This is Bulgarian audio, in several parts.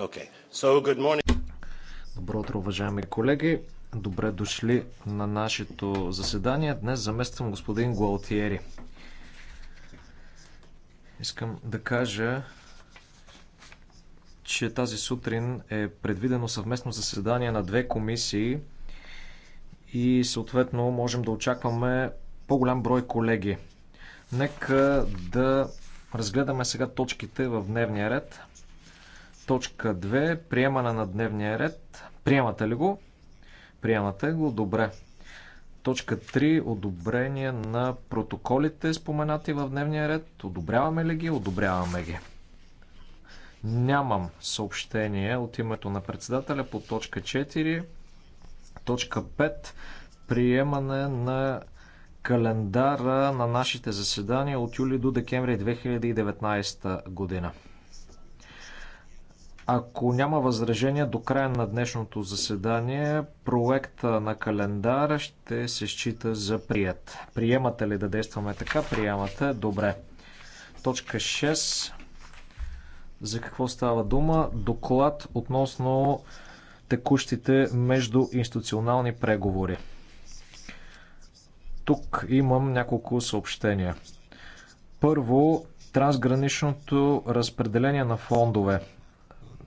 Okay. So, good morning. Добро утро, уважаеми колеги. Добре дошли на нашето заседание. Днес замествам господин Гуалтиери. Искам да кажа, че тази сутрин е предвидено съвместно заседание на две комисии и съответно можем да очакваме по-голям брой колеги. Нека да разгледаме сега точките в дневния ред – Точка 2. Приемане на дневния ред. Приемате ли го? Приемате го. Добре. Точка 3. Одобрение на протоколите, споменати в дневния ред. Одобряваме ли ги? Одобряваме ги. Нямам съобщение от името на председателя по точка 4. Точка 5. Приемане на календара на нашите заседания от юли до декември 2019 година. Ако няма възражения до края на днешното заседание, проекта на календар ще се счита за прият. Приемате ли да действаме така? Приемате. Добре. Точка 6. За какво става дума? Доклад относно текущите междуинституционални преговори. Тук имам няколко съобщения. Първо, трансграничното разпределение на фондове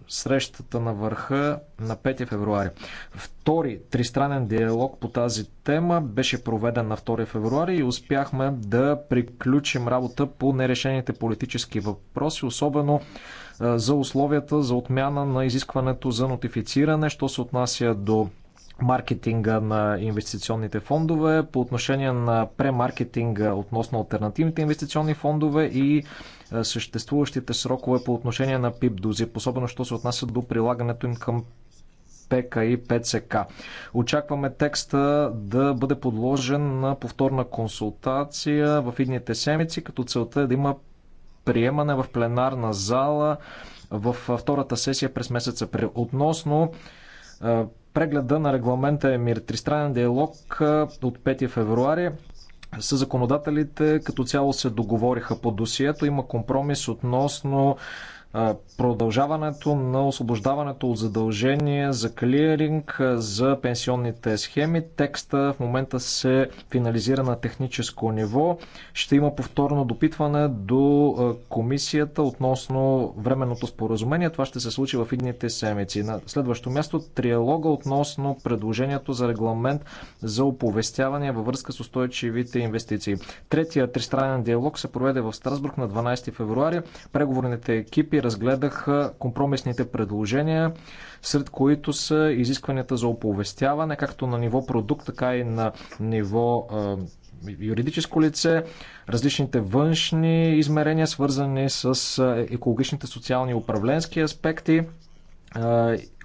срещата на върха на 5 февруари. Втори тристранен диалог по тази тема беше проведен на 2 февруари и успяхме да приключим работа по нерешените политически въпроси, особено за условията за отмяна на изискването за нотифициране, що се отнася до маркетинга на инвестиционните фондове, по отношение на премаркетинга относно альтернативните инвестиционни фондове и е, съществуващите срокове по отношение на ПИП дози, особено що се отнася до прилагането им към ПК и ПЦК. Очакваме текста да бъде подложен на повторна консултация в идните седмици, като целта е да има приемане в пленарна зала в е, втората сесия през месец април. Относно е, прегледа на регламента е мир. Тристранен диалог от 5 февруари. С законодателите като цяло се договориха по досието. Има компромис относно продължаването на освобождаването от задължение за клиринг за пенсионните схеми. Текста в момента се финализира на техническо ниво. Ще има повторно допитване до комисията относно временното споразумение. Това ще се случи в идните седмици. На следващо място триалога относно предложението за регламент за оповестяване във връзка с устойчивите инвестиции. Третия тристранен диалог се проведе в Страсбург на 12 февруари. Преговорните екипи разгледаха компромисните предложения, сред които са изискванията за оповестяване, както на ниво продукт, така и на ниво юридическо лице, различните външни измерения, свързани с екологичните, социални и управленски аспекти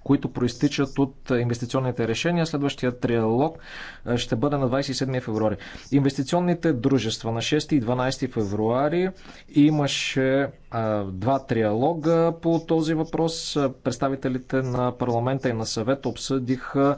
които проистичат от инвестиционните решения. Следващия триалог ще бъде на 27 февруари. Инвестиционните дружества на 6 и 12 февруари имаше два триалога по този въпрос. Представителите на парламента и на съвет обсъдиха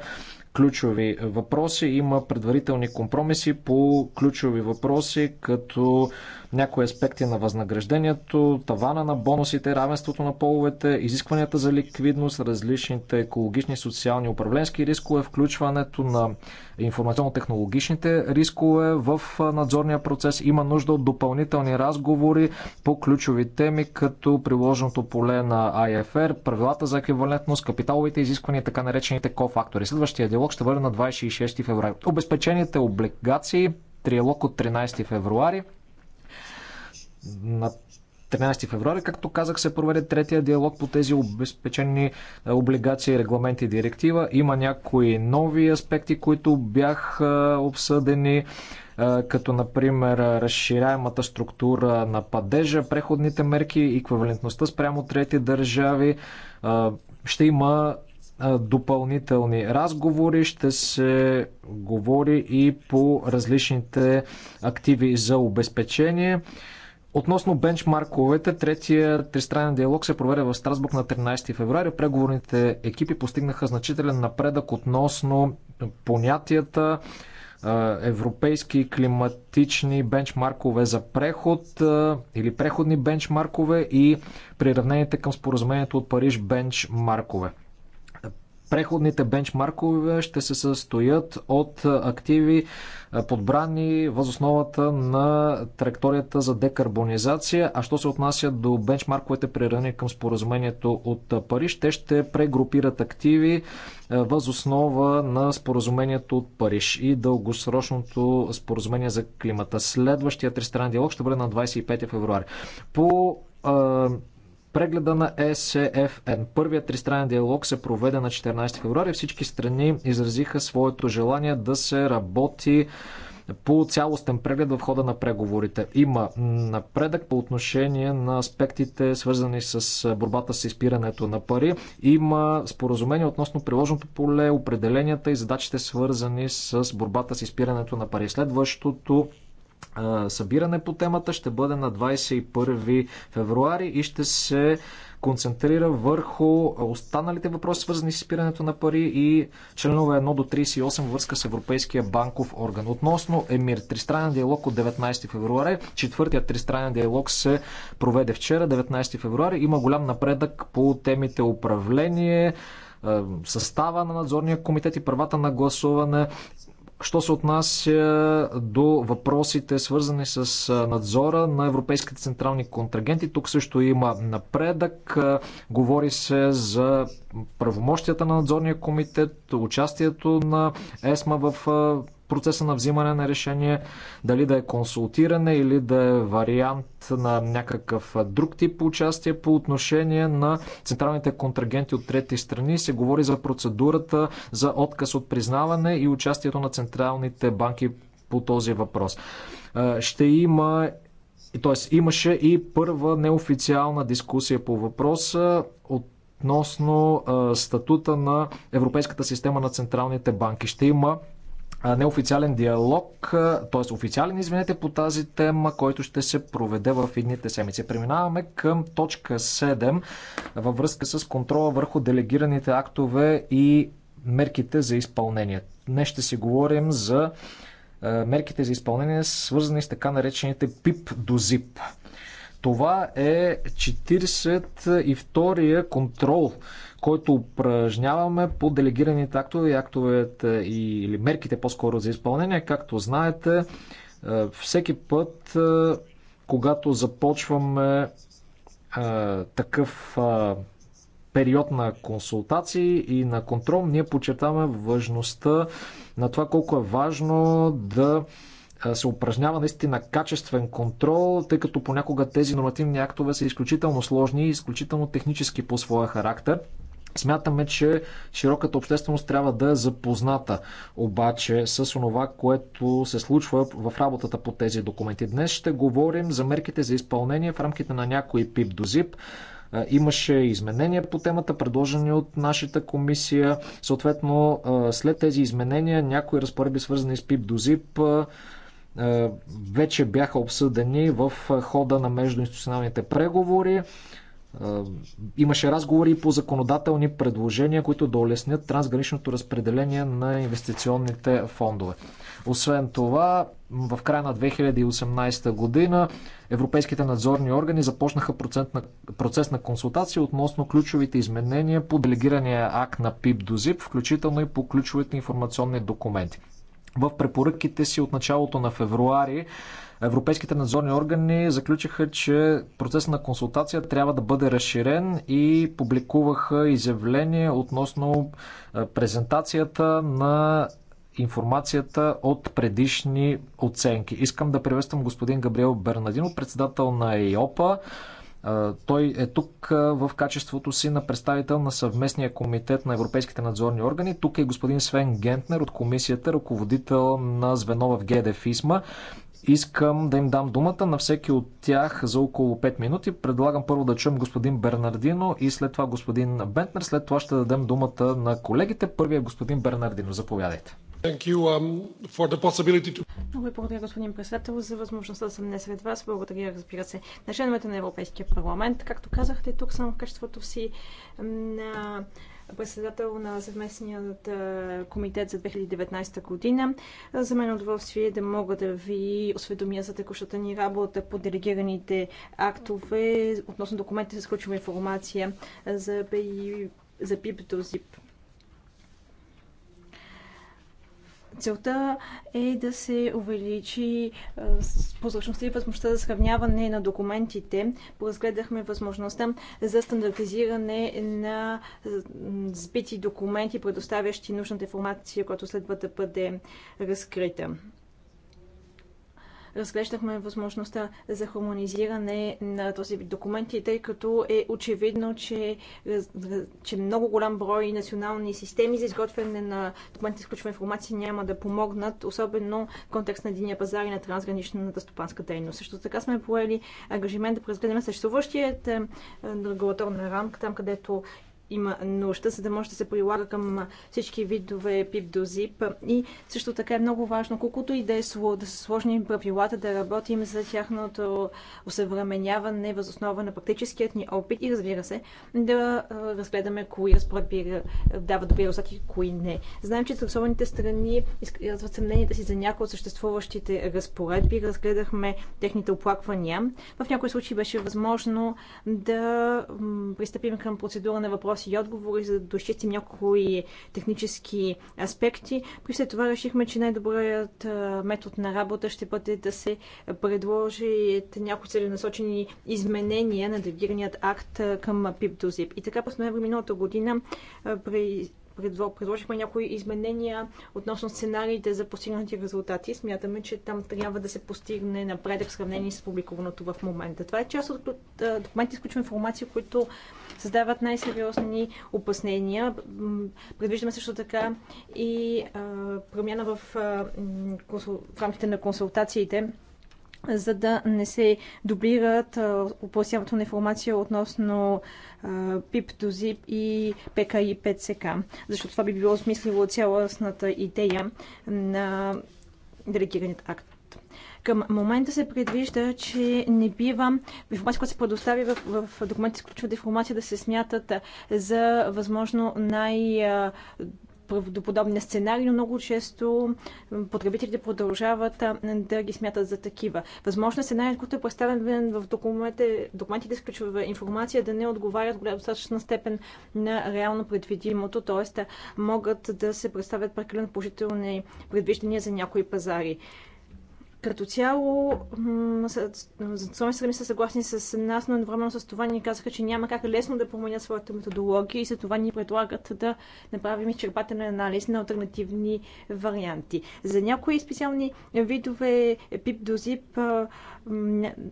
ключови въпроси. Има предварителни компромиси по ключови въпроси, като някои аспекти на възнаграждението, тавана на бонусите, равенството на половете, изискванията за ликвидност, различните екологични, социални, управленски рискове, включването на информационно-технологичните рискове в надзорния процес. Има нужда от допълнителни разговори по ключови теми, като приложеното поле на IFR, правилата за еквивалентност, капиталовите изисквания, така наречените кофактори. Следващия диалог ще бъде на 26 февруари. Обезпечените облигации, триалог от 13 февруари. На 13 февруари, както казах, се проведе третия диалог по тези обезпечени е, облигации, регламенти и директива. Има някои нови аспекти, които бяха е, обсъдени е, като например разширяемата структура на падежа, преходните мерки, и еквивалентността спрямо трети държави. Ще има допълнителни разговори, ще се говори и по различните активи за обезпечение. Относно бенчмарковете, третия тристранен диалог се проведе в Страсбург на 13 февруари. Преговорните екипи постигнаха значителен напредък относно понятията европейски климатични бенчмаркове за преход или преходни бенчмаркове и приравнените към споразумението от Париж бенчмаркове. Преходните бенчмаркове ще се състоят от активи подбрани възосновата на траекторията за декарбонизация, а що се отнася до бенчмарковете приравнени към споразумението от Париж, те ще прегрупират активи възоснова на споразумението от Париж и дългосрочното споразумение за климата. Следващия тристранен диалог ще бъде на 25 февруари. По Прегледа на ЕСЕФН. Първият тристранен диалог се проведе на 14 февруари. Всички страни изразиха своето желание да се работи по цялостен преглед в хода на преговорите. Има напредък по отношение на аспектите, свързани с борбата с изпирането на пари. Има споразумение относно приложното поле, определенията и задачите, свързани с борбата с изпирането на пари. Следващото събиране по темата ще бъде на 21 февруари и ще се концентрира върху останалите въпроси, свързани с изпирането на пари и членове 1 до 38 връзка с Европейския банков орган. Относно Емир, тристранен диалог от 19 февруари, четвъртият тристранен диалог се проведе вчера, 19 февруари. Има голям напредък по темите управление, състава на надзорния комитет и правата на гласуване, Що се отнася до въпросите, свързани с надзора на европейските централни контрагенти, тук също има напредък. Говори се за правомощията на надзорния комитет, участието на ЕСМА в процеса на взимане на решение, дали да е консултиране или да е вариант на някакъв друг тип участие по отношение на централните контрагенти от трети страни. Се говори за процедурата за отказ от признаване и участието на централните банки по този въпрос. Ще има т.е. имаше и първа неофициална дискусия по въпроса от относно статута на Европейската система на централните банки. Ще има неофициален диалог, т.е. официален, извинете, по тази тема, който ще се проведе в едните седмици. Преминаваме към точка 7 във връзка с контрола върху делегираните актове и мерките за изпълнение. Днес ще си говорим за мерките за изпълнение, свързани с така наречените ПИП до ЗИП. Това е 42-я контрол който упражняваме по делегираните актове и актовете или мерките по-скоро за изпълнение. Както знаете, е, всеки път, е, когато започваме е, такъв период на консултации и на контрол, ние подчертаваме важността на това колко е важно да се упражнява наистина качествен контрол, тъй като понякога тези нормативни актове са изключително сложни и изключително технически по своя характер. Смятаме, че широката общественост трябва да е запозната обаче с това, което се случва в работата по тези документи. Днес ще говорим за мерките за изпълнение в рамките на някои ПИП до ЗИП. Имаше изменения по темата, предложени от нашата комисия. Съответно, след тези изменения, някои разпоредби, свързани с ПИП до ЗИП, вече бяха обсъдени в хода на междуинституционалните преговори. Имаше разговори по законодателни предложения, които да улеснят трансграничното разпределение на инвестиционните фондове. Освен това, в края на 2018 година европейските надзорни органи започнаха на, процес на консултация относно ключовите изменения по делегирания акт на ПИП до ЗИП, включително и по ключовите информационни документи. В препоръките си от началото на февруари Европейските надзорни органи заключиха, че процес на консултация трябва да бъде разширен и публикуваха изявление относно презентацията на информацията от предишни оценки. Искам да приветствам господин Габриел Бернадино, председател на ЕОПА, той е тук в качеството си на представител на съвместния комитет на европейските надзорни органи. Тук е господин Свен Гентнер от комисията, ръководител на звено в ГДФИСМА. Искам да им дам думата на всеки от тях за около 5 минути. Предлагам първо да чуем господин Бернардино и след това господин Бентнер. След това ще дадем думата на колегите. Първият е господин Бернардино. Заповядайте. Um, to... Много ви благодаря, господин председател, за възможността да съм днес сред вас. Благодаря, разбира се, на членовете на Европейския парламент. Както казахте, тук съм в качеството си на председател на съвместният комитет за 2019 година. За мен е удоволствие да мога да ви осведомя за текущата ни работа по делегираните актове относно документите за ключова информация за, за ПИП до ЗИП. Целта е да се увеличи прозрачността и възможността за сравняване на документите. Поразгледахме възможността за стандартизиране на сбити документи, предоставящи нужната информация, която следва да бъде разкрита разглеждахме възможността за хармонизиране на този вид документи, тъй като е очевидно, че, че много голям брой национални системи за изготвяне на документи с ключова информация няма да помогнат, особено в контекст на единия пазар и на трансграничната стопанска дейност. Също така сме поели ангажимент да преразгледаме съществуващият е, регулаторна рамка, там където има нужда, за да може да се прилага към всички видове пип до зип. И също така е много важно, колкото и да, е, да са сложни правилата, да работим за тяхното усъвременяване възоснова на практическият ни опит и разбира се, да разгледаме кои разпоредби дават добри резултати и кои не. Знаем, че заинтересованите страни изказват съмненията си за някои от съществуващите разпоредби. Разгледахме техните оплаквания. В някои случаи беше възможно да пристъпим към процедура на въпроси въпроси и отговори, за да дочистим някои технически аспекти. При след това решихме, че най-добрият метод на работа ще бъде да се предложи някои целенасочени изменения на делегираният акт към PIP до ZIP. И така през ноември миналата година при предложихме някои изменения относно сценариите за постигнати резултати. Смятаме, че там трябва да се постигне напредък в сравнение с публикуваното в момента. Това е част от документите, изключваме информация, които създават най-сериозни опаснения. Предвиждаме също така и промяна в, в рамките на консултациите за да не се дублират оповестяването на информация относно ПИП до ЗИП и ПК и ПЦК. Защото това би било смислило цялостната идея на делегираният акт. Към момента се предвижда, че не бива информация, която се предостави в, в документите с информация, да се смятат за възможно най- до подобни сценарии, но много често потребителите продължават да ги смятат за такива. Възможно е сценарият, който е представен в документите, документите с ключова информация, да не отговарят в достатъчна степен на реално предвидимото, т.е. могат да се представят прекалено положителни предвиждания за някои пазари. Като цяло, Солни страни са съгласни с нас, но едновременно с това ни казаха, че няма как лесно да променят своята методология и за това ни предлагат да направим изчерпателен анализ на альтернативни варианти. За някои специални видове е, пип до зип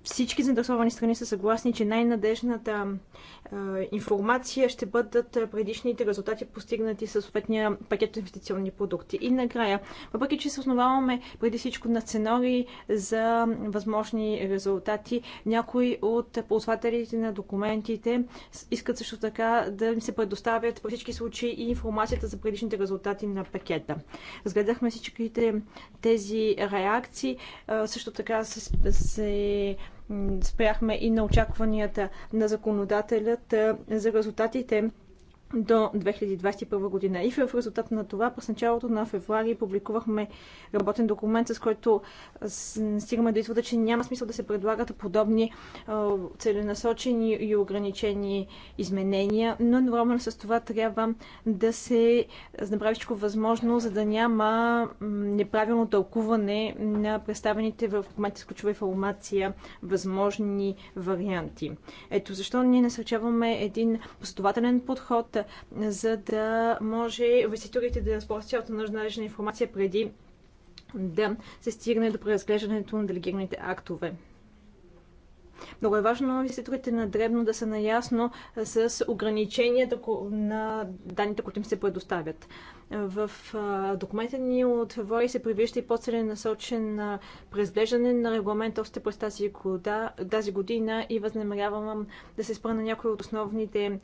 всички заинтересовани страни са съгласни, че най-надежната информация ще бъдат предишните резултати, постигнати със съответния пакет инвестиционни продукти. И накрая, въпреки че се основаваме преди всичко на сценарии, за възможни резултати. Някои от ползвателите на документите искат също така да им се предоставят във всички случаи и информацията за предишните резултати на пакета. Разгледахме всичките тези реакции. Също така се, се спряхме и на очакванията на законодателят за резултатите до 2021 година. И в резултат на това, през началото на февруари публикувахме работен документ, с който стигаме до извода, че няма смисъл да се предлагат подобни целенасочени и ограничени изменения, но едновременно с това трябва да се направи всичко възможно, за да няма неправилно тълкуване на представените в момента с ключова информация възможни варианти. Ето защо ние насърчаваме един последователен подход, инструмент, за да може инвеститорите да използват цялата нужна информация преди да се стигне до преразглеждането на делегираните актове. Много е важно инвеститорите на дребно да са наясно с ограниченията на данните, които им се предоставят. В документа ни от февруари се предвижда и по насочен на преразглеждане на регламента още през тази, тази година и възнамерявам да се спра на някои от основните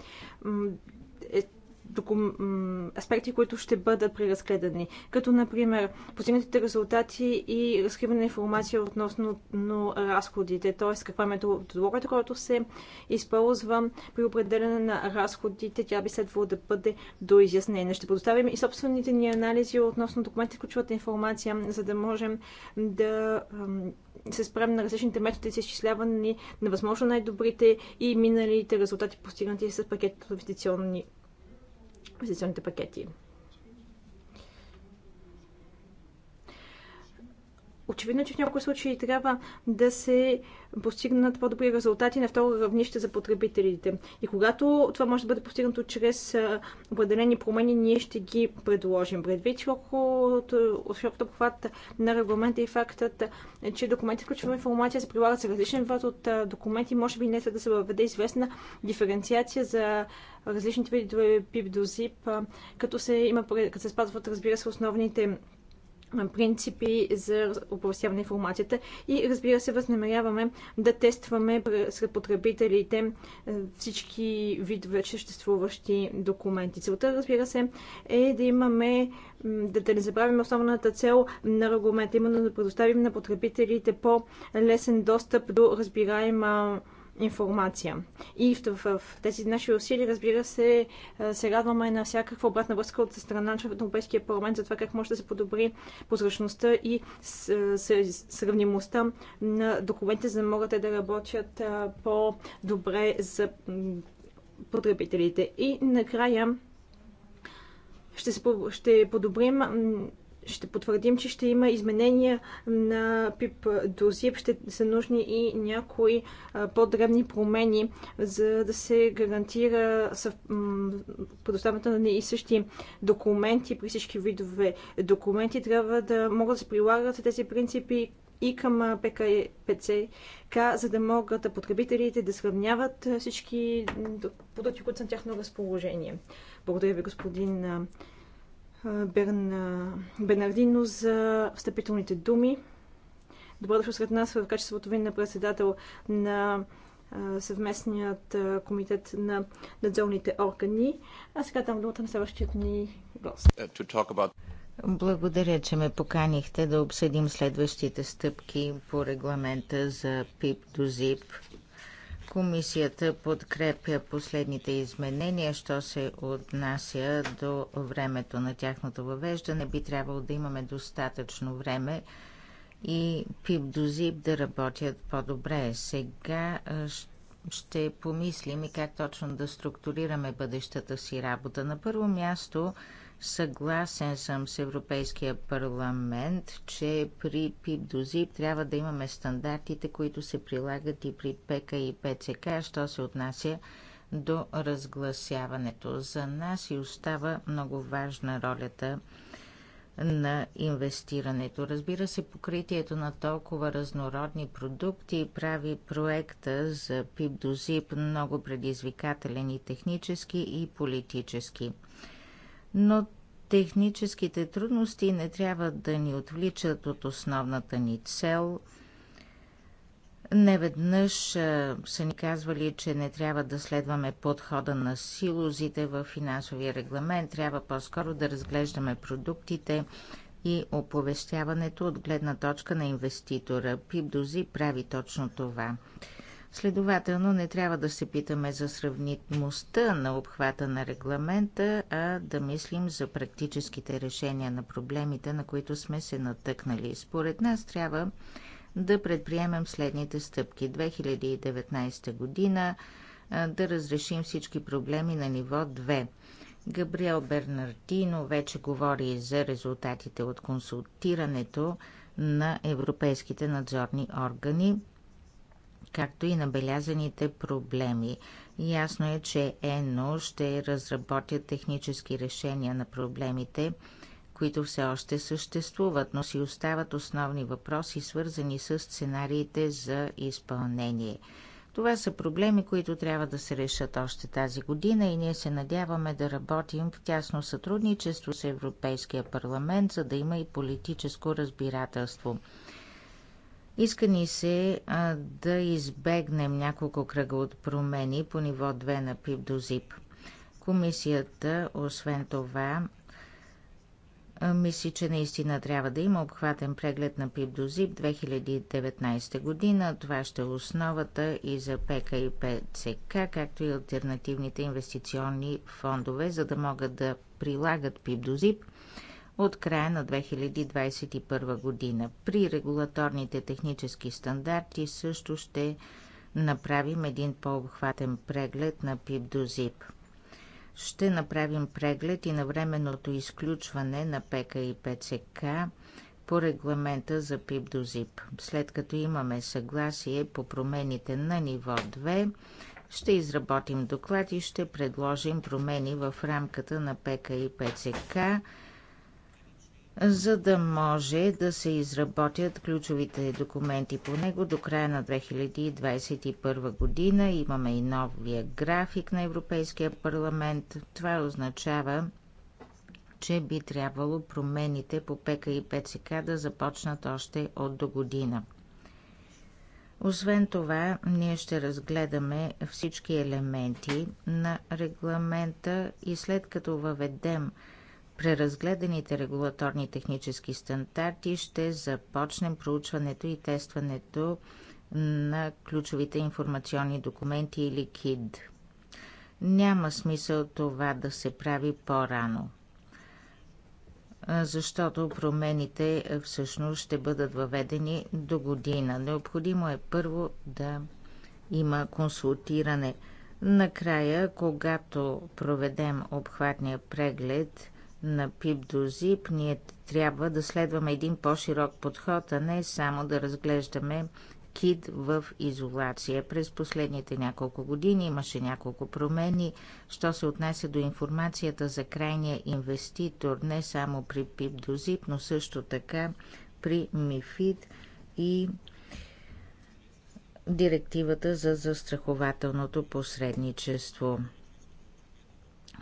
е аспекти, които ще бъдат преразгледани, като например постигнатите резултати и разкриване на информация относно но, разходите, т.е. каква е методология, която се използва при определене на разходите, тя би следвало да бъде доизяснена. Ще предоставим и собствените ни анализи относно документите, включват информация, за да можем да се спрем на различните методи за изчисляване на възможно най-добрите и миналите резултати, постигнати с пакет от инвестиционни, инвестиционните пакети. Очевидно, е, че в някои случаи трябва да се постигнат по-добри резултати на второ равнище за потребителите. И когато това може да бъде постигнато чрез определени промени, ние ще ги предложим. Предвид широкото обхват на регламента и фактът, че документи включва информация се прилагат с различен вид от документи, може би не след да се въведе известна диференциация за различните видове пип до зип, като се, има, като се спазват, разбира се, основните принципи за оповестяване на информацията и разбира се възнамеряваме да тестваме сред потребителите е, всички видове съществуващи документи. Целта разбира се е да имаме да, да не забравим основната цел на регламента, именно да предоставим на потребителите по-лесен достъп до разбираема информация. И в, в, в тези наши усилия, разбира се, се радваме на всякаква обратна връзка от страна на Европейския парламент за това как може да се подобри прозрачността и с, с, сравнимостта на документите, за да могат да работят по-добре за потребителите. И накрая ще, се, ще подобрим ще потвърдим, че ще има изменения на ПИП дозип. Ще са нужни и някои по-дребни промени, за да се гарантира съв... предоставянето на и същи документи при всички видове документи. Трябва да могат да се прилагат тези принципи и към ПКПЦК, е за да могат потребителите да сравняват всички продукти, които са на тяхно разположение. Благодаря ви, господин Берна... Бернардино за встъпителните думи. Добро дошъл сред нас в качеството ви на председател на съвместният комитет на надзорните органи. А сега там думата на следващият ни гост. Благодаря, че ме поканихте да обсъдим следващите стъпки по регламента за ПИП до ЗИП. Комисията подкрепя последните изменения, що се отнася до времето на тяхното въвеждане. Би трябвало да имаме достатъчно време и ПИП до ЗИП да работят по-добре. Сега ще помислим и как точно да структурираме бъдещата си работа. На първо място Съгласен съм с Европейския парламент, че при ПИПДОЗИП трябва да имаме стандартите, които се прилагат и при ПК и ПЦК, що се отнася до разгласяването. За нас и остава много важна ролята на инвестирането. Разбира се, покритието на толкова разнородни продукти прави проекта за ПИП до ЗИП много предизвикателен и технически и политически но техническите трудности не трябва да ни отвличат от основната ни цел. Неведнъж са ни казвали, че не трябва да следваме подхода на силозите в финансовия регламент, трябва по-скоро да разглеждаме продуктите и оповестяването от гледна точка на инвеститора. Пип Дози прави точно това. Следователно не трябва да се питаме за сравнимостта на обхвата на регламента, а да мислим за практическите решения на проблемите, на които сме се натъкнали. Според нас трябва да предприемем следните стъпки. 2019 година да разрешим всички проблеми на ниво 2. Габриел Бернардино вече говори за резултатите от консултирането на европейските надзорни органи както и набелязаните проблеми. Ясно е, че ЕНО ще разработят технически решения на проблемите, които все още съществуват, но си остават основни въпроси, свързани с сценариите за изпълнение. Това са проблеми, които трябва да се решат още тази година и ние се надяваме да работим в тясно сътрудничество с Европейския парламент, за да има и политическо разбирателство. Иска ни се а, да избегнем няколко кръга от промени по ниво 2 на ПИП до ЗИП. Комисията, освен това, мисли, че наистина трябва да има обхватен преглед на ПИП до ЗИП 2019 година. Това ще е основата и за ПК и ПЦК, както и альтернативните инвестиционни фондове, за да могат да прилагат ПИП до ЗИП от края на 2021 година. При регулаторните технически стандарти също ще направим един по-обхватен преглед на ПИП до ЗИП. Ще направим преглед и на временното изключване на ПК и ПЦК по регламента за ПИП до ЗИП. След като имаме съгласие по промените на ниво 2, ще изработим доклад и ще предложим промени в рамката на ПК и ПЦК за да може да се изработят ключовите документи по него до края на 2021 година. Имаме и новия график на Европейския парламент. Това означава, че би трябвало промените по ПК и ПЦК да започнат още от до година. Освен това, ние ще разгледаме всички елементи на регламента и след като въведем – преразгледаните регулаторни технически стандарти ще започнем проучването и тестването на ключовите информационни документи или КИД. Няма смисъл това да се прави по-рано, защото промените всъщност ще бъдат въведени до година. Необходимо е първо да има консултиране. Накрая, когато проведем обхватния преглед – на ПИП до ЗИП, ние трябва да следваме един по-широк подход, а не само да разглеждаме кид в изолация. През последните няколко години имаше няколко промени, що се отнася до информацията за крайния инвеститор, не само при ПИП до ЗИП, но също така при МИФИД и директивата за застрахователното посредничество.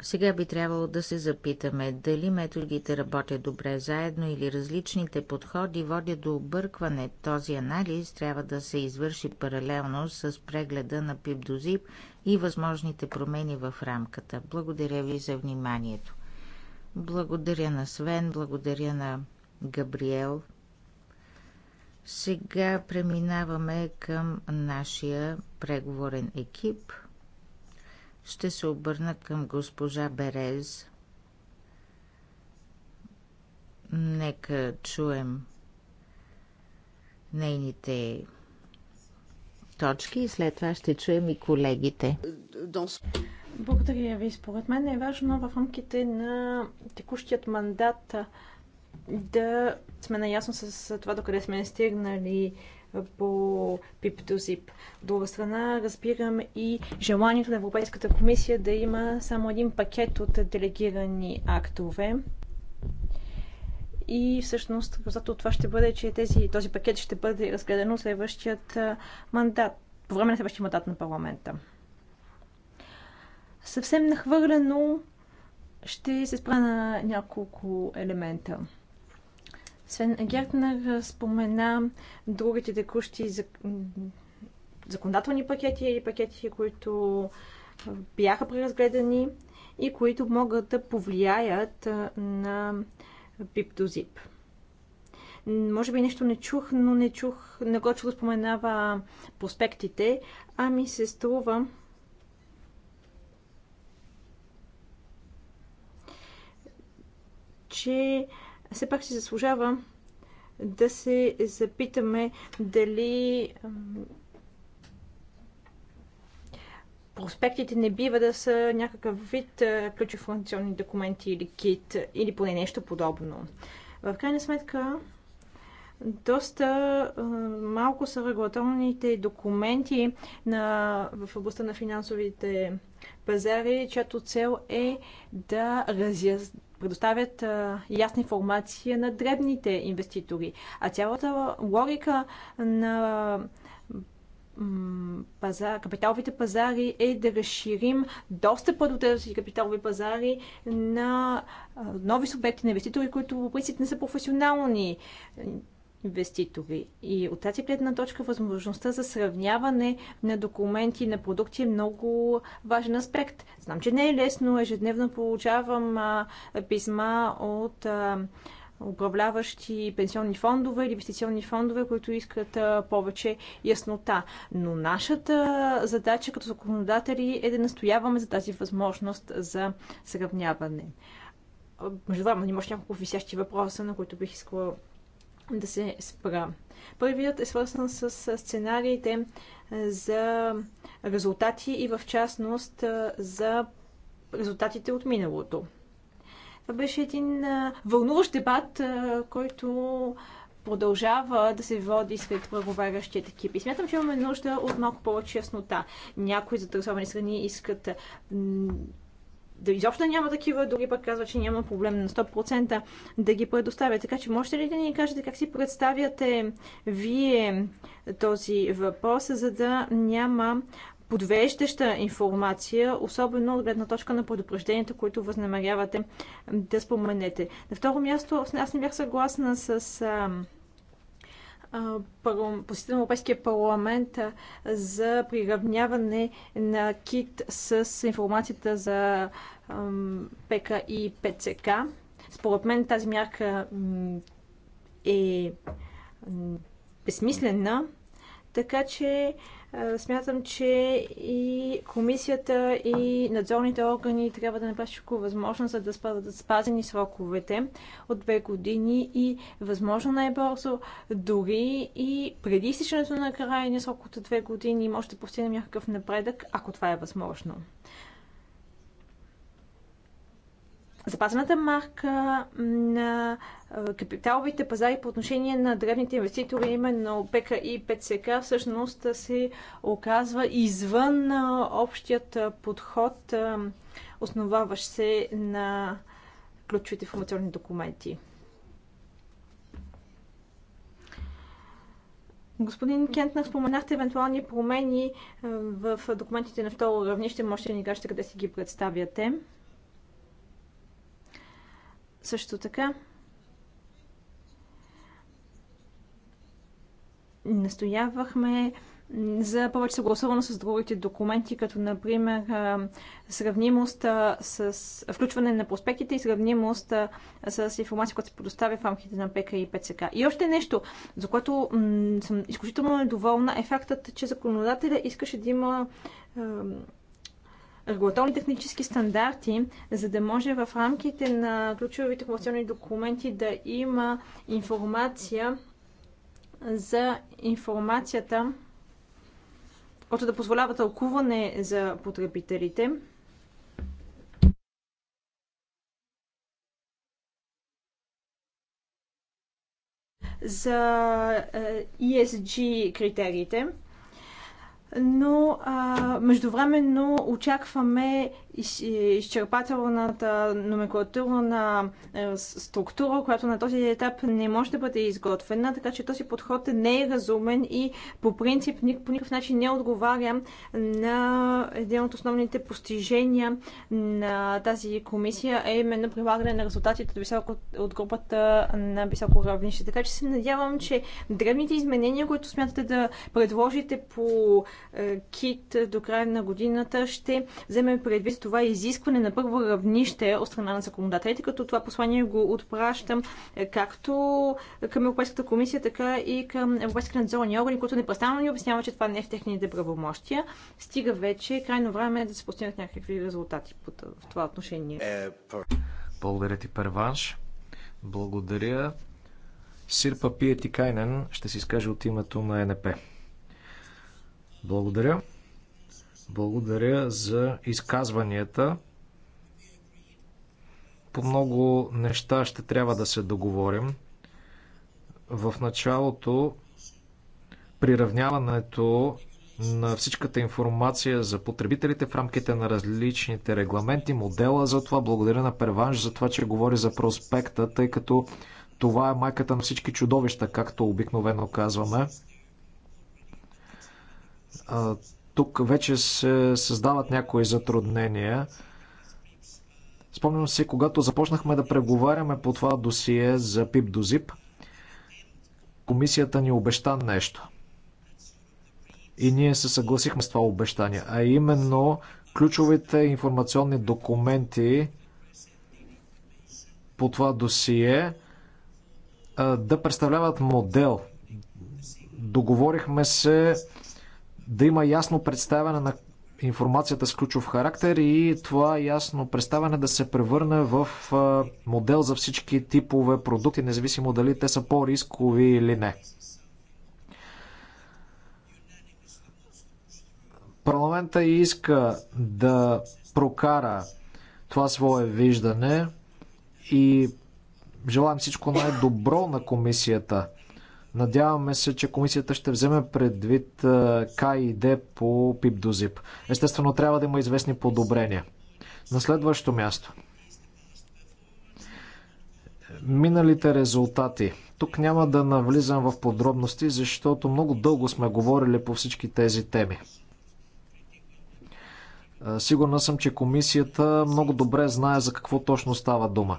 Сега би трябвало да се запитаме дали методите работят добре заедно или различните подходи водят до объркване. Този анализ трябва да се извърши паралелно с прегледа на ПИПДОЗИП и възможните промени в рамката. Благодаря ви за вниманието. Благодаря на Свен, благодаря на Габриел. Сега преминаваме към нашия преговорен екип – ще се обърна към госпожа Берез. Нека чуем нейните точки и след това ще чуем и колегите. Благодаря ви. Според мен е важно в рамките на текущият мандат да сме наясно с това докъде сме стигнали по ПИП-ДОЗИП. От друга страна, разбирам и желанието на Европейската комисия да има само един пакет от делегирани актове. И всъщност резултатът от това ще бъде, че тези, този пакет ще бъде разгледан от следващият мандат, по време на следващия мандат на парламента. Съвсем нахвърлено ще се спра на няколко елемента. Свен Гертнер спомена другите текущи законодателни пакети или пакети, които бяха преразгледани и които могат да повлияят на пиптозип. Може би нещо не чух, но не чух, не го чух споменава проспектите, а ми се струва, че все пак си заслужава да се запитаме дали проспектите не бива да са някакъв вид ключов документи или кит, или поне нещо подобно. В крайна сметка, доста малко са регулаторните документи на, в областта на финансовите пазари, чиято цел е да разяснят предоставят ясна информация на дребните инвеститори. А цялата логика на пазар, капиталовите пазари е да разширим достъпа до тези капиталови пазари на нови субекти на инвеститори, които по принцип не са професионални инвеститори. И от тази гледна точка възможността за сравняване на документи на продукти е много важен аспект. Знам, че не е лесно. Ежедневно получавам а, писма от а, управляващи пенсионни фондове или инвестиционни фондове, които искат а, повече яснота. Но нашата задача като законодатели е да настояваме за тази възможност за сравняване. Между време, имаш няколко висящи въпроса, на които бих искала да се спра. Първият е свързан с сценариите е, за резултати и в частност е, за резултатите от миналото. Това беше един е, вълнуващ дебат, който продължава да се води сред преговарящият екип. И смятам, че имаме нужда от малко повече яснота. Някои заинтересовани страни искат да изобщо няма такива, дори пък казва, че няма проблем на 100% да ги предоставя. Така че можете ли да ни кажете как си представяте вие този въпрос, за да няма подвеждаща информация, особено от гледна точка на предупреждението, което възнамерявате да споменете. На второ място, аз не бях съгласна с посетител на Европейския парламент за приравняване на КИТ с информацията за ПК и ПЦК. Според мен тази мярка е безсмислена, така че е, смятам, че и комисията и надзорните органи трябва да направят всичко възможно, за да спазват спазени сроковете от две години и възможно най-бързо, дори и преди изтичането на крайния срок от две години може да постигнем някакъв напредък, ако това е възможно запазената марка на капиталовите пазари по отношение на древните инвеститори, именно ПК и ПЦК, всъщност се оказва извън общият подход, основаващ се на ключовите информационни документи. Господин Кентнер, споменахте евентуални промени в документите на второ равнище. Може да ни кажете къде си ги представяте? Също така, настоявахме за повече съгласуваност с другите документи, като например сравнимост с включване на проспектите и сравнимост с информация, която се предоставя в рамките на ПК и ПЦК. И още нещо, за което съм изключително недоволна, е фактът, че законодателя искаше да има регулаторни технически стандарти, за да може в рамките на ключовите информационни документи да има информация за информацията, която да позволява тълкуване за потребителите. за е, ESG критериите но а, междувременно очакваме из, изчерпателната номенклатурна е, структура, която на този етап не може да бъде изготвена, така че този подход не е разумен и по принцип по никакъв начин не отговаря на един от основните постижения на тази комисия, а е именно прилагане на резултатите от, високо, от групата на високо равнище. Така че се надявам, че древните изменения, които смятате да предложите по е, кит до края на годината ще вземе предвид това изискване на първо равнище от страна на законодателите, като това послание го отпращам е, както към Европейската комисия, така и към Европейските надзорни органи, които непрестанно ни обясняват, че това не е в техните правомощия. Стига вече крайно време е да се постигнат някакви резултати в това отношение. Благодаря ти, Перванш. Благодаря. Сирпа пиети Кайнен ще си изкаже от името на НП. Благодаря. Благодаря за изказванията. По много неща ще трябва да се договорим. В началото приравняването на всичката информация за потребителите в рамките на различните регламенти, модела за това. Благодаря на Перванш за това, че говори за проспекта, тъй като това е майката на всички чудовища, както обикновено казваме тук вече се създават някои затруднения. Спомням си, когато започнахме да преговаряме по това досие за ПИП до ЗИП, комисията ни обеща нещо. И ние се съгласихме с това обещание, а именно ключовите информационни документи по това досие да представляват модел. Договорихме се да има ясно представяне на информацията с ключов характер и това ясно представяне да се превърне в модел за всички типове продукти, независимо дали те са по-рискови или не. Парламента иска да прокара това свое виждане и желаем всичко най-добро на комисията – Надяваме се, че комисията ще вземе предвид е, КИД по ПИП до ЗИП. Естествено, трябва да има известни подобрения. На следващо място. Миналите резултати. Тук няма да навлизам в подробности, защото много дълго сме говорили по всички тези теми. Е, сигурна съм, че комисията много добре знае за какво точно става дума.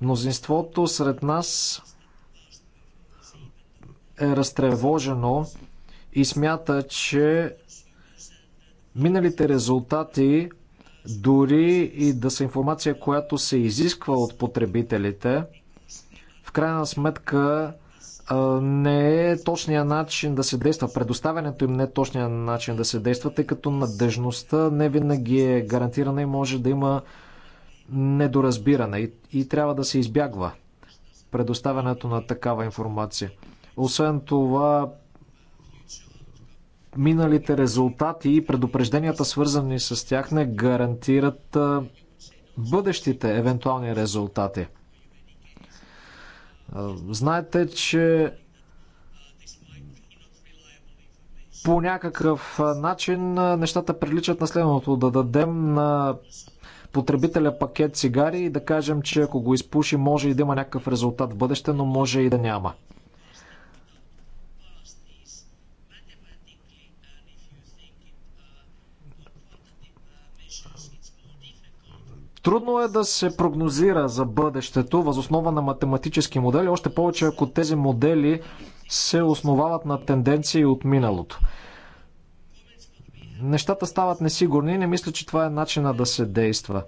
Мнозинството сред нас е разтревожено и смята, че миналите резултати, дори и да са информация, която се изисква от потребителите, в крайна сметка не е точния начин да се действа. Предоставянето им не е точния начин да се действа, тъй като надежността не винаги е гарантирана и може да има недоразбиране и, и трябва да се избягва предоставянето на такава информация. Освен това, миналите резултати и предупрежденията, свързани с тях, не гарантират бъдещите евентуални резултати. Знаете, че по някакъв начин нещата приличат на следното. Да дадем на потребителя пакет цигари и да кажем, че ако го изпуши, може и да има някакъв резултат в бъдеще, но може и да няма. Трудно е да се прогнозира за бъдещето възоснова на математически модели, още повече ако тези модели се основават на тенденции от миналото. Нещата стават несигурни и не мисля, че това е начина да се действа.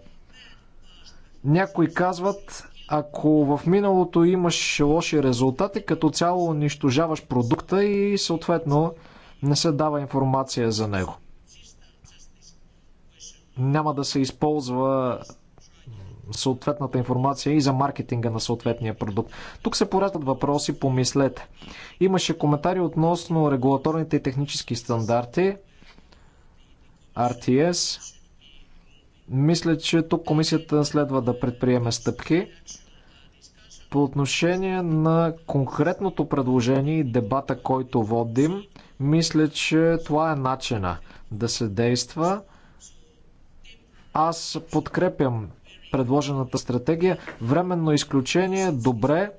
Някои казват, ако в миналото имаш лоши резултати, като цяло унищожаваш продукта и съответно не се дава информация за него. Няма да се използва съответната информация и за маркетинга на съответния продукт. Тук се пораждат въпроси, помислете. Имаше коментари относно регулаторните и технически стандарти, RTS. Мисля, че тук комисията следва да предприеме стъпки. По отношение на конкретното предложение и дебата, който водим, мисля, че това е начина да се действа. Аз подкрепям предложената стратегия. Временно изключение, добре,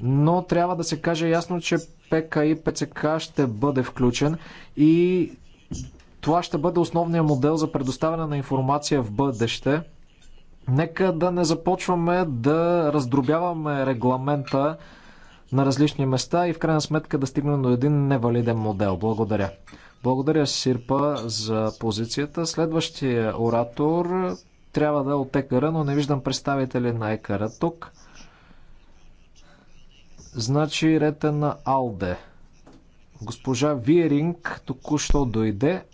но трябва да се каже ясно, че ПК и ПЦК ще бъде включен и това ще бъде основния модел за предоставяне на информация в бъдеще. Нека да не започваме да раздробяваме регламента на различни места и в крайна сметка да стигнем до един невалиден модел. Благодаря. Благодаря Сирпа за позицията. Следващия оратор трябва да е от ЕКР, но не виждам представители на екара тук. Значи рета е на Алде. Госпожа Виеринг току-що дойде.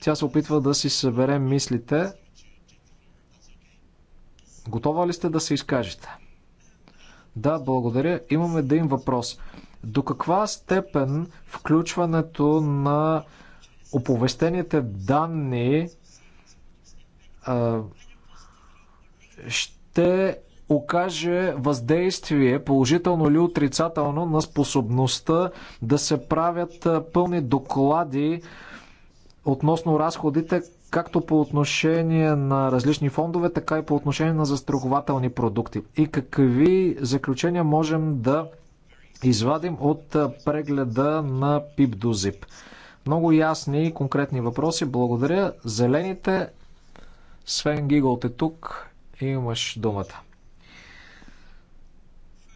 Тя се опитва да си събере мислите. Готова ли сте да се изкажете? Да, благодаря. Имаме един въпрос. До каква степен включването на оповестените данни ще окаже въздействие, положително или отрицателно, на способността да се правят пълни доклади относно разходите, както по отношение на различни фондове, така и по отношение на застрахователни продукти. И какви заключения можем да извадим от прегледа на ПИП до ЗИП. Много ясни и конкретни въпроси. Благодаря. Зелените Свен Гиголт е тук. Имаш думата.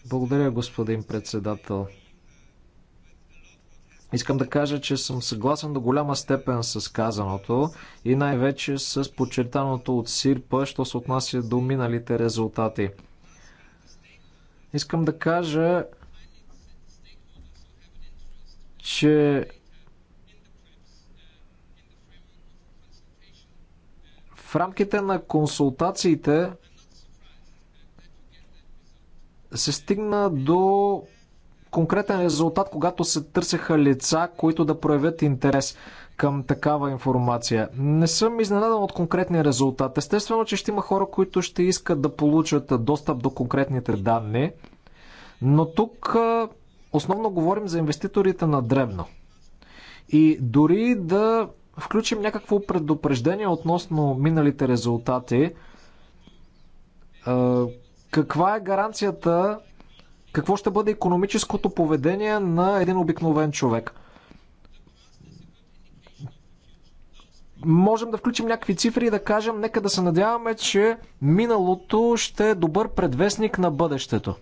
Благодаря, господин председател. Искам да кажа, че съм съгласен до голяма степен с казаното и най-вече с подчертаното от Сирпа, що се отнася до миналите резултати. Искам да кажа, че В рамките на консултациите се стигна до конкретен резултат, когато се търсеха лица, които да проявят интерес към такава информация. Не съм изненадан от конкретния резултат. Естествено, че ще има хора, които ще искат да получат достъп до конкретните данни, но тук основно говорим за инвеститорите на дребно. И дори да включим някакво предупреждение относно миналите резултати, е, каква е гаранцията, какво ще бъде економическото поведение на един обикновен човек? Можем да включим някакви цифри и да кажем, нека да се надяваме, че миналото ще е добър предвестник на бъдещето.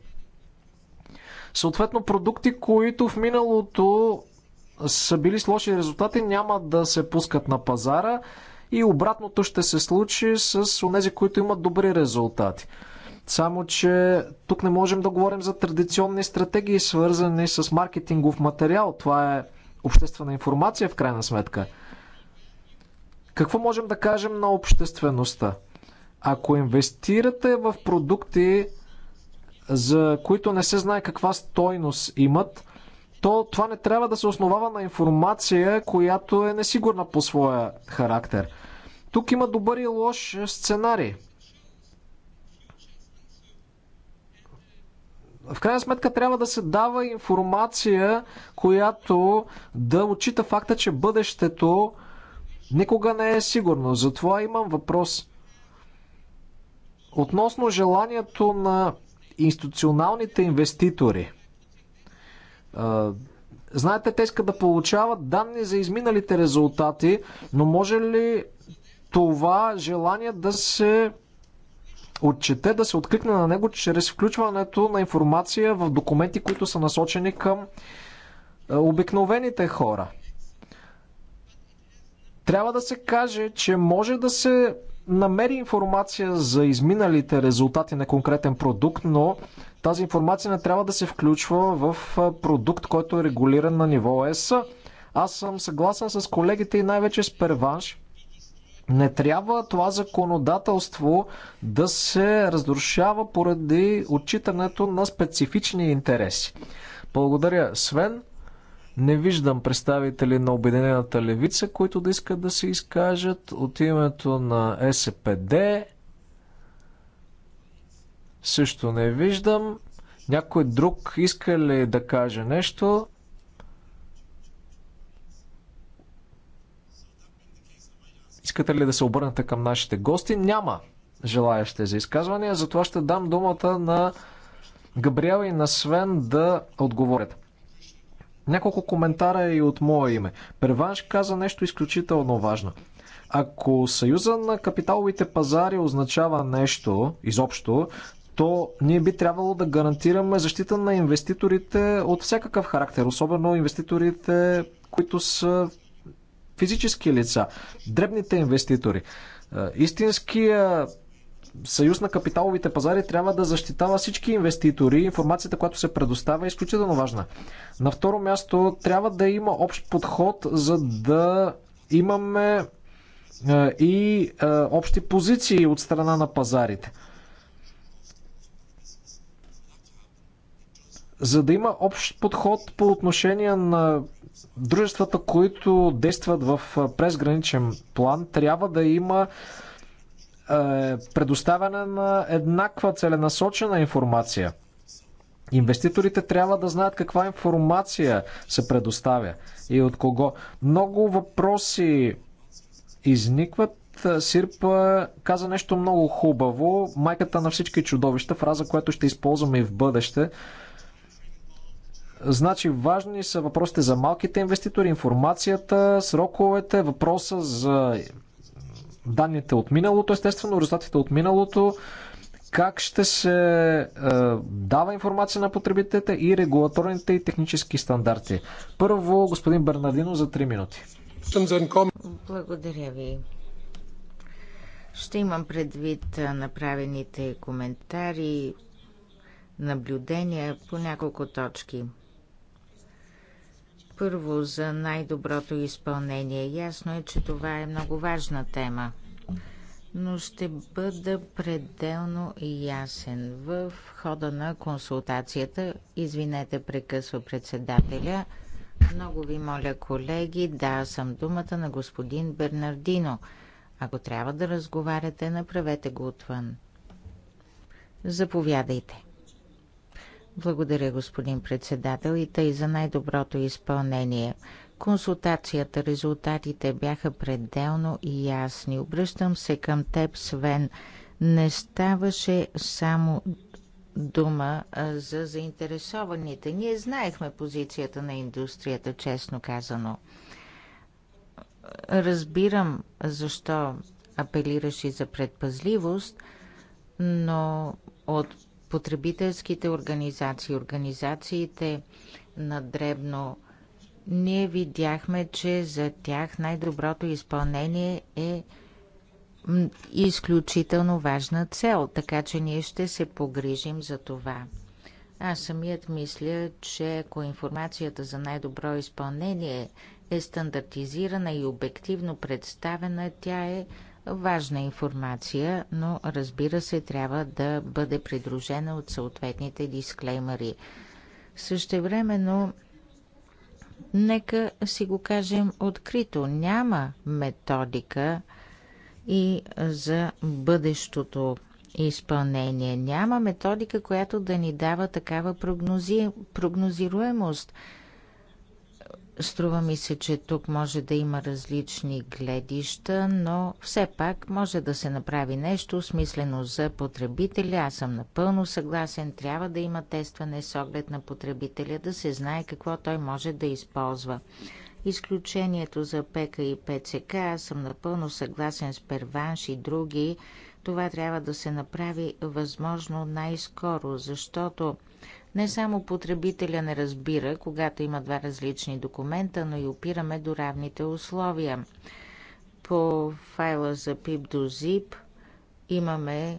Съответно, продукти, които в миналото са били с лоши резултати, няма да се пускат на пазара и обратното ще се случи с онези, които имат добри резултати. Само, че тук не можем да говорим за традиционни стратегии, свързани с маркетингов материал. Това е обществена информация, в крайна сметка. Какво можем да кажем на обществеността? Ако инвестирате в продукти, за които не се знае каква стойност имат, то това не трябва да се основава на информация, която е несигурна по своя характер. Тук има добър и лош сценарий. В крайна сметка трябва да се дава информация, която да отчита факта, че бъдещето никога не е сигурно. Затова имам въпрос. Относно желанието на институционалните инвеститори – Знаете, те искат да получават данни за изминалите резултати, но може ли това желание да се отчете, да се откликне на него чрез включването на информация в документи, които са насочени към обикновените хора? Трябва да се каже, че може да се намери информация за изминалите резултати на конкретен продукт, но тази информация не трябва да се включва в продукт, който е регулиран на ниво ЕС. Аз съм съгласен с колегите и най-вече с перванш. Не трябва това законодателство да се разрушава поради отчитането на специфични интереси. Благодаря, Свен. Не виждам представители на Обединената левица, които да искат да се изкажат от името на СПД. Също не виждам. Някой друг иска ли да каже нещо? Искате ли да се обърнете към нашите гости? Няма желаящи за изказвания, затова ще дам думата на Габриел и на Свен да отговорят. Няколко коментара и от мое име. Преванш каза нещо изключително важно. Ако съюза на капиталовите пазари означава нещо изобщо, то ние би трябвало да гарантираме защита на инвеститорите от всякакъв характер, особено инвеститорите, които са физически лица, дребните инвеститори. Е, истинския съюз на капиталовите пазари трябва да защитава всички инвеститори. Информацията, която се предоставя е изключително важна. На второ място, трябва да има общ подход, за да имаме е, и е, общи позиции от страна на пазарите. за да има общ подход по отношение на дружествата, които действат в презграничен план, трябва да има предоставяне на еднаква целенасочена информация. Инвеститорите трябва да знаят каква информация се предоставя и от кого. Много въпроси изникват. Сирпа каза нещо много хубаво. Майката на всички чудовища, фраза, която ще използваме и в бъдеще. Значи важни са въпросите за малките инвеститори, информацията, сроковете, въпроса за данните от миналото, естествено, резултатите от миналото, как ще се е, дава информация на потребителите и регулаторните и технически стандарти. Първо, господин Бернардино, за 3 минути. Благодаря ви. Ще имам предвид е, направените коментари, наблюдения по няколко точки. Първо за най-доброто изпълнение. Ясно е, че това е много важна тема. Но ще бъда пределно ясен. В хода на консултацията, извинете, прекъсва председателя, много ви моля, колеги, да, съм думата на господин Бернардино. Ако трябва да разговаряте, направете го отвън. Заповядайте. Благодаря, господин председател, и тъй за най-доброто изпълнение. Консултацията, резултатите бяха пределно ясни. Обръщам се към теб, Свен. Не ставаше само дума за заинтересованите. Ние знаехме позицията на индустрията, честно казано. Разбирам защо апелираш и за предпазливост, но от потребителските организации, организациите на дребно, ние видяхме, че за тях най-доброто изпълнение е изключително важна цел, така че ние ще се погрижим за това. Аз самият мисля, че ако информацията за най-добро изпълнение е стандартизирана и обективно представена, тя е важна информация, но разбира се, трябва да бъде придружена от съответните дисклеймери. Същевременно, нека си го кажем открито, няма методика и за бъдещото изпълнение. Няма методика, която да ни дава такава прогнози... прогнозируемост – Струва ми се, че тук може да има различни гледища, но все пак може да се направи нещо смислено за потребителя. Аз съм напълно съгласен, трябва да има тестване с оглед на потребителя, да се знае какво той може да използва. Изключението за ПК и ПЦК, аз съм напълно съгласен с Перванш и други. Това трябва да се направи възможно най-скоро, защото не само потребителя не разбира, когато има два различни документа, но и опираме до равните условия. По файла за PIP до ZIP имаме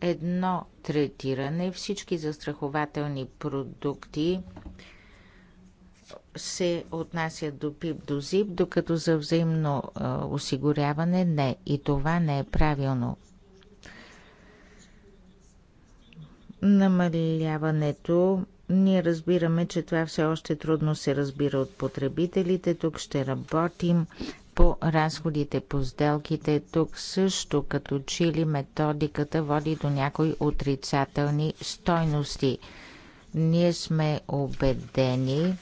едно третиране. Всички застрахователни продукти се отнасят до ПИП до ЗИП, докато за взаимно осигуряване не. И това не е правилно. намаляването. Ние разбираме, че това все още трудно се разбира от потребителите. Тук ще работим по разходите по сделките. Тук също като чили методиката води до някои отрицателни стойности. Ние сме убедени,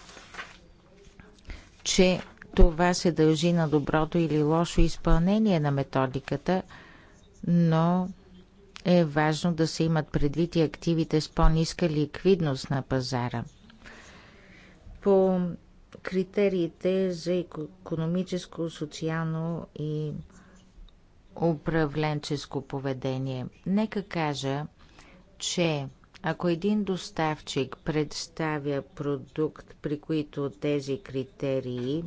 че това се дължи на доброто или лошо изпълнение на методиката, но е важно да се имат предвид и активите с по-ниска ликвидност на пазара. По критериите за економическо, социално и управленческо поведение. Нека кажа, че ако един доставчик представя продукт, при които тези критерии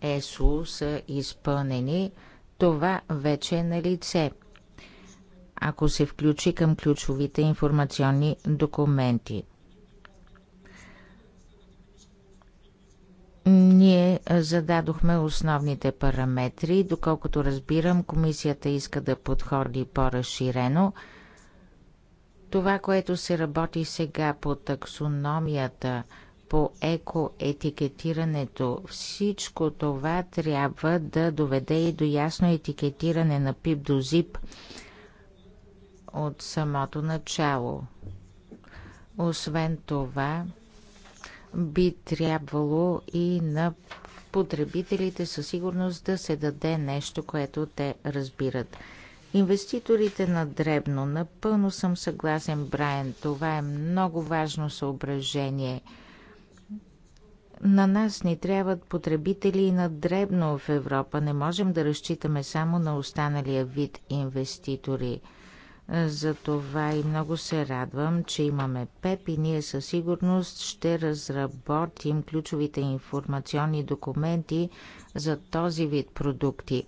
ЕСУ са изпълнени, това вече е на лице – ако се включи към ключовите информационни документи. Ние зададохме основните параметри. Доколкото разбирам, комисията иска да подходи по-разширено. Това, което се работи сега по таксономията, по екоетикетирането, всичко това трябва да доведе и до ясно етикетиране на ПИП до ЗИП – от самото начало. Освен това, би трябвало и на потребителите със сигурност да се даде нещо, което те разбират. Инвеститорите на дребно, напълно съм съгласен, Брайан, това е много важно съображение. На нас ни трябват потребители и на дребно в Европа. Не можем да разчитаме само на останалия вид инвеститори – затова и много се радвам, че имаме ПЕП и ние със сигурност ще разработим ключовите информационни документи за този вид продукти.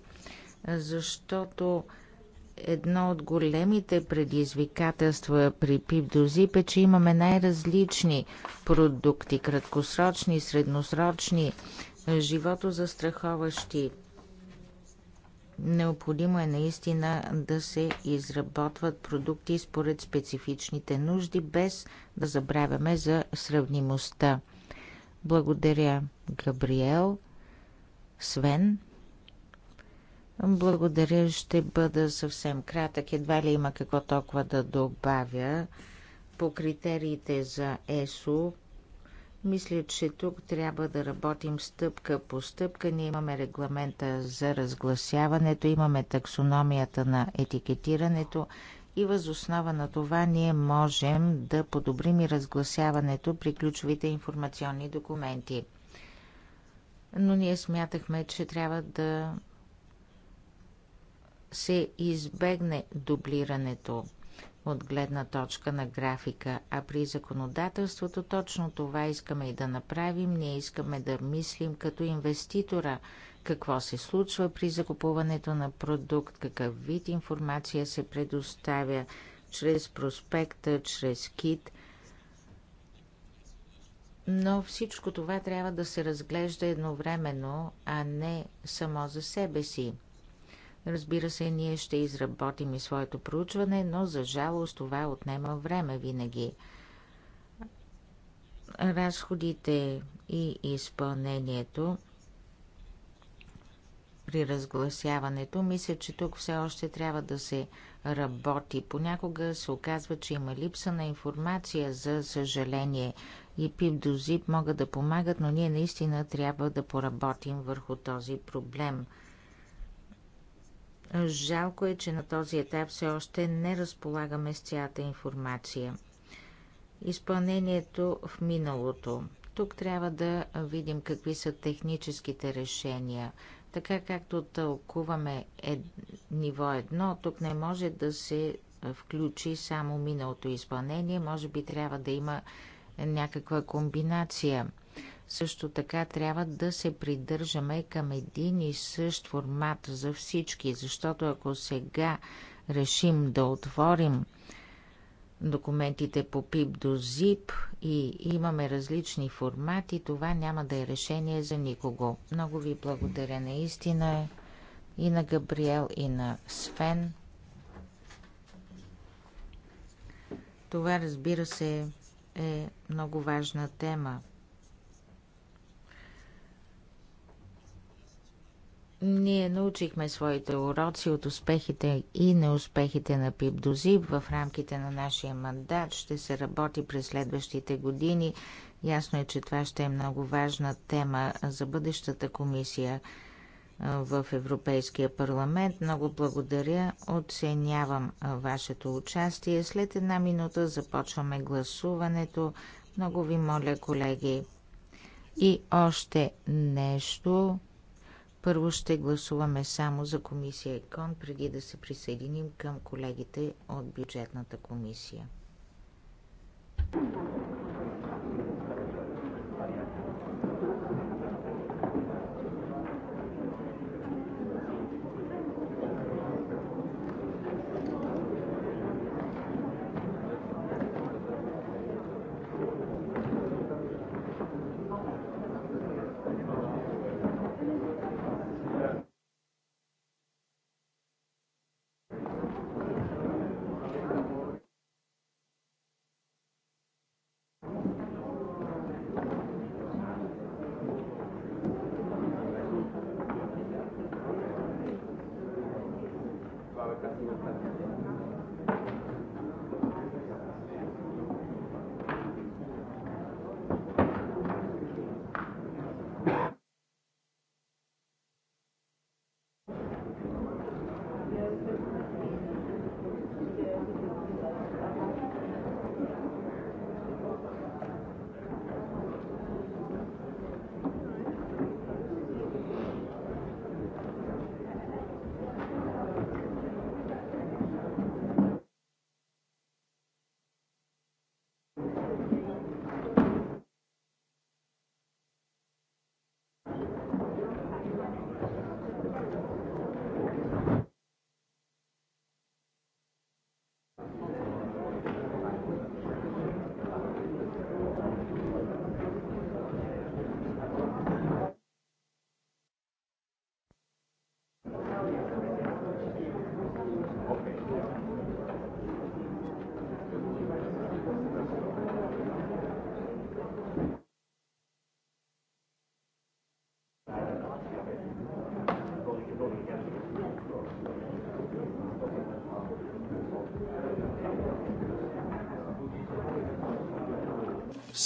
Защото едно от големите предизвикателства при пип Дозип е, че имаме най-различни продукти – краткосрочни, средносрочни, живото застраховащи Необходимо е наистина да се изработват продукти според специфичните нужди, без да забравяме за сравнимостта. Благодаря, Габриел. Свен. Благодаря, ще бъда съвсем кратък. Едва ли има какво толкова да добавя. По критериите за ЕСО мисля, че тук трябва да работим стъпка по стъпка. Ние имаме регламента за разгласяването, имаме таксономията на етикетирането и възоснова на това ние можем да подобрим и разгласяването при ключовите информационни документи. Но ние смятахме, че трябва да се избегне дублирането от гледна точка на графика, а при законодателството точно това искаме и да направим. Ние искаме да мислим като инвеститора какво се случва при закупуването на продукт, какъв вид информация се предоставя чрез проспекта, чрез кит. Но всичко това трябва да се разглежда едновременно, а не само за себе си. Разбира се, ние ще изработим и своето проучване, но за жалост това отнема време винаги. Разходите и изпълнението при разгласяването, мисля, че тук все още трябва да се работи. Понякога се оказва, че има липса на информация, за съжаление. И пип до зип могат да помагат, но ние наистина трябва да поработим върху този проблем – Жалко е, че на този етап все още не разполагаме с цялата информация. Изпълнението в миналото. Тук трябва да видим какви са техническите решения. Така както тълкуваме е, ниво едно, тук не може да се включи само миналото изпълнение. Може би трябва да има някаква комбинация – също така трябва да се придържаме към един и същ формат за всички, защото ако сега решим да отворим документите по ПИП до ЗИП и имаме различни формати, това няма да е решение за никого. Много ви благодаря наистина и на Габриел, и на Свен. Това, разбира се, е много важна тема. Ние научихме своите уроци от успехите и неуспехите на Пипдозиб в рамките на нашия мандат. Ще се работи през следващите години. Ясно е, че това ще е много важна тема за бъдещата комисия в Европейския парламент. Много благодаря. Оценявам вашето участие. След една минута започваме гласуването. Много ви моля, колеги. И още нещо първо ще гласуваме само за комисия ЕКОН, преди да се присъединим към колегите от бюджетната комисия.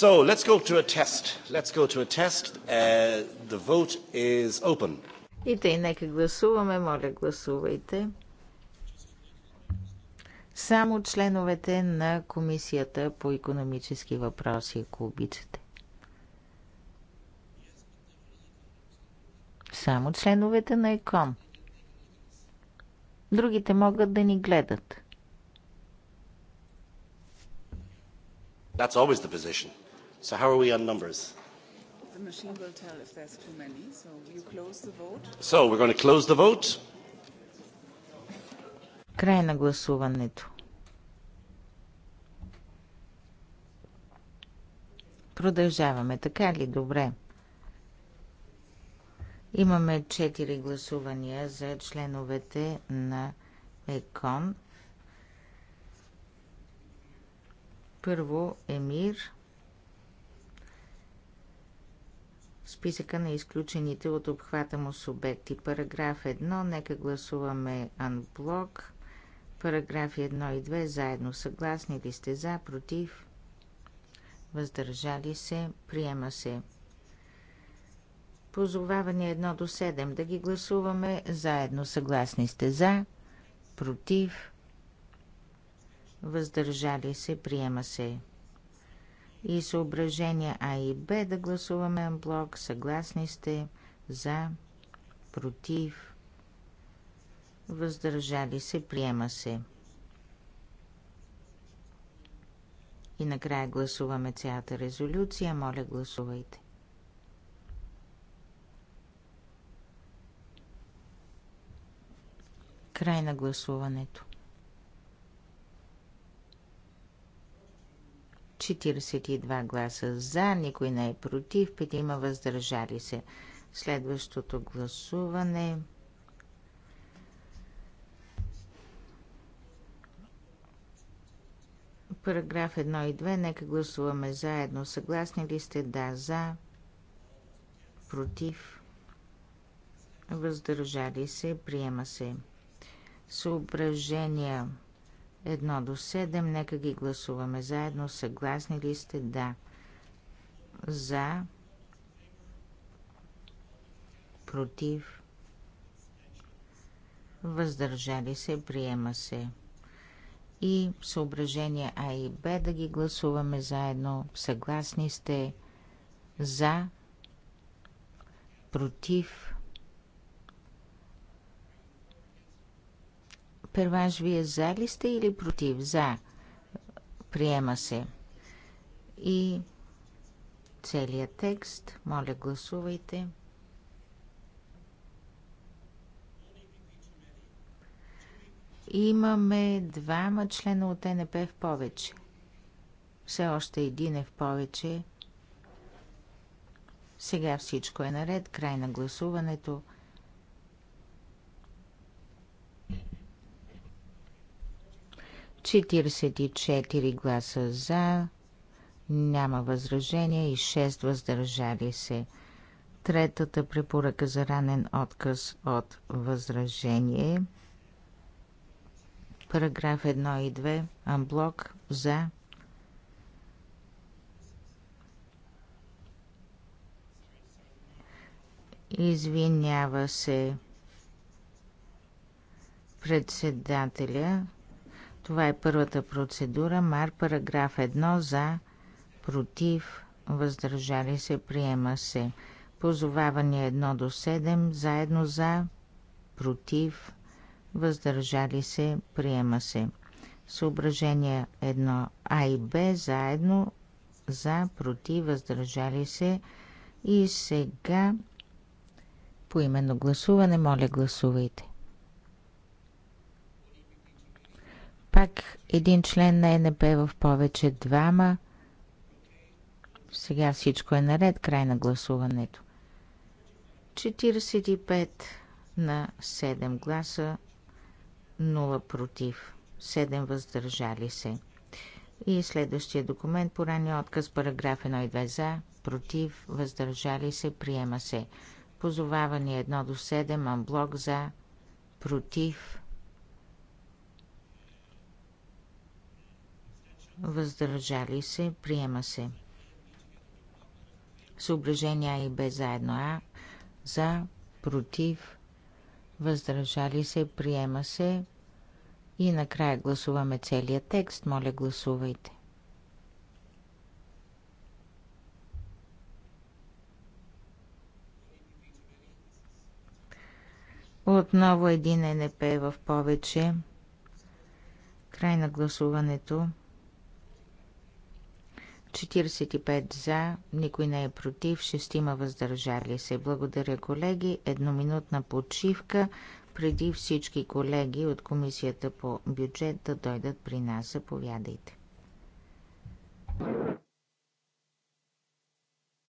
So let's go to a test. Let's go to a test. Uh, the vote is open. И тъй, нека гласуваме. Моля, гласувайте. Само членовете на Комисията по економически въпроси, ако обичате. Само членовете на ЕКОН. Другите могат да ни гледат. That's always the position. So how are we on numbers? The machine will tell if there's too many, so you close the vote. So we're going to close the vote. Край на гласуването. Продължаваме, така ли? Добре. Имаме четири гласувания за членовете на ЕКОН. Първо Емир. списъка на изключените от обхвата му субекти. Параграф 1, нека гласуваме анблок. Параграфи 1 и 2 заедно. Съгласни ли сте за, против? Въздържали се, приема се. Позоваване 1 до 7. Да ги гласуваме заедно. Съгласни сте за, против? Въздържали се, приема се и съображения А и Б да гласуваме блок. Съгласни сте за, против, въздържали се, приема се. И накрая гласуваме цялата резолюция. Моля, гласувайте. Край на гласуването. 42 гласа за, никой не е против, има въздържали се. Следващото гласуване Параграф 1 и 2, нека гласуваме заедно. Съгласни ли сте? Да, за, против, въздържали се, приема се. Съображения Едно до 7. Нека ги гласуваме заедно. Съгласни ли сте? Да. За. Против. Въздържали се. Приема се. И съображения А и Б да ги гласуваме заедно. Съгласни сте? За. Против Перванш, вие за ли сте или против? За. Приема се. И целият текст. Моля, гласувайте. Имаме двама члена от НП в повече. Все още един е в повече. Сега всичко е наред. Край на гласуването. 44 гласа за, няма възражения и 6 въздържали се. Третата препоръка за ранен отказ от възражение. Параграф 1 и 2. Амблок за. Извинява се председателя. Това е първата процедура. Мар параграф 1 за, против, въздържали се, приема се. Позовавания 1 до 7 заедно за, против, въздържали се, приема се. Съображения 1 А и Б заедно за, против, въздържали се. И сега по именно гласуване, моля гласувайте. Пак един член на НП в повече двама. Сега всичко е наред, край на гласуването. 45 на 7 гласа, 0 против, 7 въздържали се. И следващия документ по ранния отказ, параграф 1 и 2 за, против, въздържали се, приема се. Позоваване 1 до 7, амблок за, против, въздържали се, приема се. Съображения и Б заедно А, за, против, въздържали се, приема се. И накрая гласуваме целия текст. Моля, гласувайте. Отново един НП в повече. Край на гласуването. 45 за, никой не е против, шестима въздържали се. Благодаря, колеги. Едноминутна почивка преди всички колеги от Комисията по бюджет да дойдат при нас. Заповядайте.